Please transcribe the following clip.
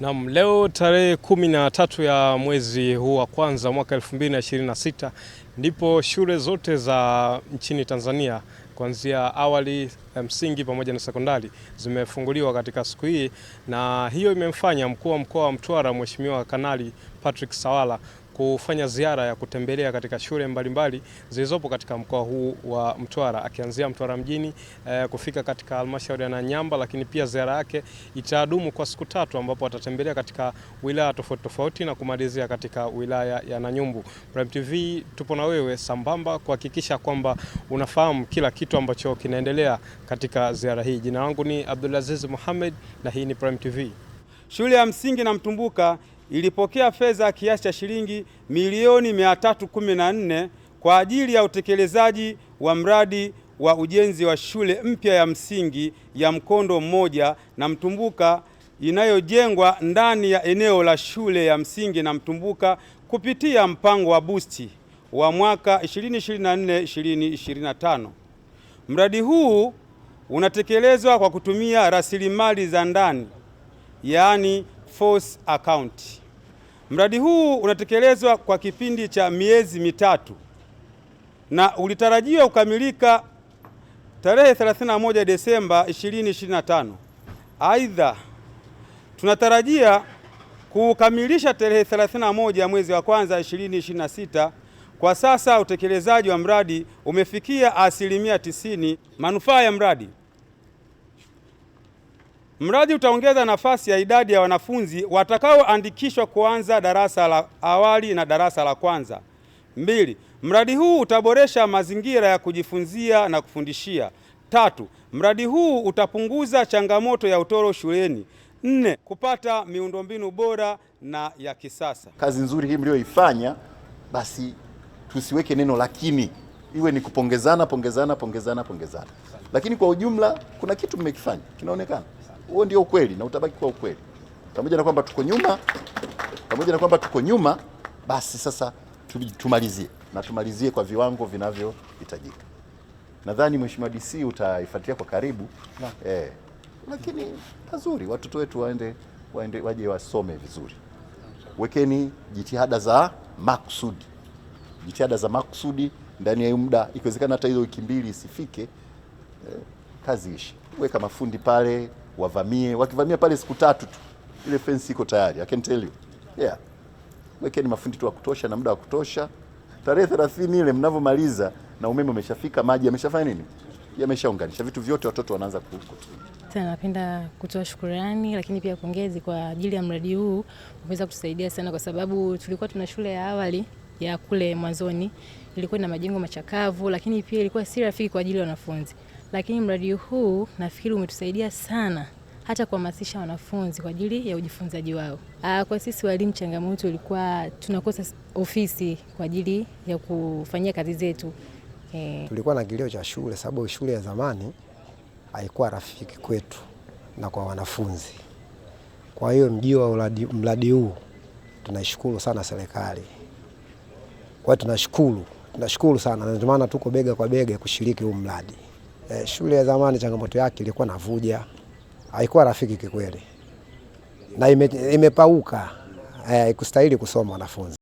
Naam, leo tarehe kumi na tatu ya mwezi huu wa kwanza mwaka 2026 ndipo shule zote za nchini Tanzania kuanzia awali eh, msingi pamoja na sekondari zimefunguliwa katika siku hii, na hiyo imemfanya mkuu wa mkoa wa Mtwara Mheshimiwa Kanali Patrick Sawala kufanya ziara ya kutembelea katika shule mbalimbali zilizopo katika mkoa huu wa Mtwara akianzia Mtwara mjini eh, kufika katika halmashauri ya Nanyamba, lakini pia ziara yake itadumu kwa siku tatu ambapo atatembelea katika wilaya tofauti tofauti na kumalizia katika wilaya ya Nanyumbu. Prime TV tupo na wewe sambamba kuhakikisha kwamba unafahamu kila kitu ambacho kinaendelea katika ziara hii. Jina langu ni Abdulaziz Mohamed na hii ni Prime TV. Shule ya msingi na Mtumbuka ilipokea fedha kiasi cha shilingi milioni 314 kwa ajili ya utekelezaji wa mradi wa ujenzi wa shule mpya ya msingi ya mkondo mmoja na Mtumbuka inayojengwa ndani ya eneo la shule ya msingi na Mtumbuka kupitia mpango wa busti wa mwaka 2024-2025. Mradi huu unatekelezwa kwa kutumia rasilimali za ndani, yaani Force Account. Mradi huu unatekelezwa kwa kipindi cha miezi mitatu na ulitarajiwa kukamilika tarehe 31 Desemba 2025. Aidha, tunatarajia kuukamilisha tarehe 31 mwezi wa kwanza 2026. Kwa sasa utekelezaji wa mradi umefikia asilimia 90. Manufaa ya mradi Mradi utaongeza nafasi ya idadi ya wanafunzi watakaoandikishwa kuanza darasa la awali na darasa la kwanza. Mbili, mradi huu utaboresha mazingira ya kujifunzia na kufundishia. Tatu, mradi huu utapunguza changamoto ya utoro shuleni. Nne, kupata miundombinu bora na ya kisasa. Kazi nzuri hii mlioifanya, basi tusiweke neno lakini, iwe ni kupongezana, pongezana, pongezana, pongezana, lakini kwa ujumla kuna kitu mmekifanya kinaonekana. Huo ndio ukweli na utabaki kuwa ukweli, pamoja na kwamba tuko nyuma, pamoja na kwamba tuko nyuma. Basi sasa tumalizie na tumalizie kwa viwango vinavyohitajika. Nadhani Mheshimiwa DC utaifuatilia kwa karibu na. Eh, lakini pazuri watoto wetu waende, waende waje wasome vizuri. Wekeni jitihada za makusudi, jitihada za makusudi ndani ya muda, ikiwezekana hata hizo wiki mbili isifike, eh, kazi ishi. Weka mafundi pale wavamie. Wakivamia pale siku tatu tu ile fence iko tayari. I can tell you. Yeah. Mwekeni mafundi tu wa kutosha na muda wa kutosha. Tarehe 30 ile mnavyomaliza na umeme umeshafika, maji yameshafanya nini? Yameshaunganisha vitu vyote, watoto wanaanza kutumia. napenda kutoa shukurani lakini pia pongezi kwa ajili ya mradi huu, umeweza kutusaidia sana kwa sababu tulikuwa tuna shule ya awali ya kule mwanzoni ilikuwa na majengo machakavu, lakini pia ilikuwa si rafiki kwa ajili ya wanafunzi lakini mradi huu nafikiri umetusaidia sana hata kuhamasisha wanafunzi kwa ajili ya ujifunzaji wao. Aa, ah, kwa sisi walimu changamoto ilikuwa tunakosa ofisi kwa ajili ya kufanyia kazi zetu. E, tulikuwa na kilio cha shule sababu shule ya zamani haikuwa rafiki kwetu na kwa wanafunzi. Kwa hiyo mjio wa mradi huu tunaishukuru sana serikali. Kwa hiyo tunashukuru, tunashukuru sana, ndio maana tuko bega kwa bega kushiriki huu mradi eh, shule ya zamani changamoto yake ilikuwa na vuja, haikuwa rafiki kikweli na ime, imepauka, eh, ikustahili kusoma wanafunzi.